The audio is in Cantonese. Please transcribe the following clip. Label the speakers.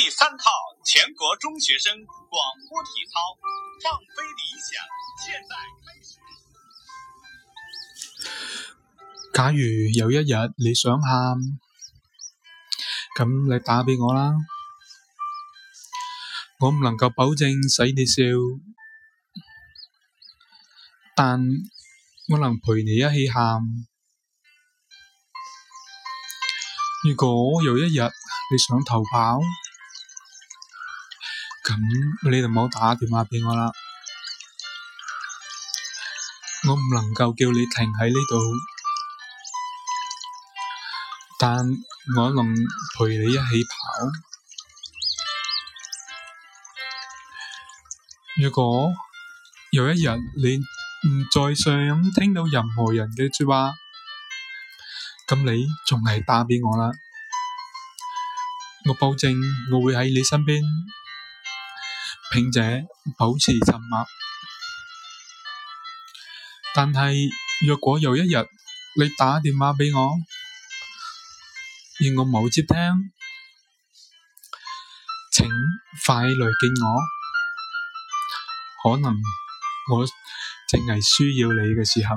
Speaker 1: 第三套全國中學生廣播體操，放飛理想，現在開始。假如有一日你想喊，咁你打畀我啦。我唔能夠保證使你笑，但我能陪你一起喊。如果有一日你想逃跑，咁你就唔好打電話畀我啦。我唔能夠叫你停喺呢度，但我能陪你一起跑。如果有一日你唔再想聽到任何人嘅說話，咁你仲係打畀我啦。我保證我會喺你身邊。並且保持沉默，但係若果有一日你打電話畀我，而我冇接聽，請快嚟見我，可能我淨係需要你嘅時候。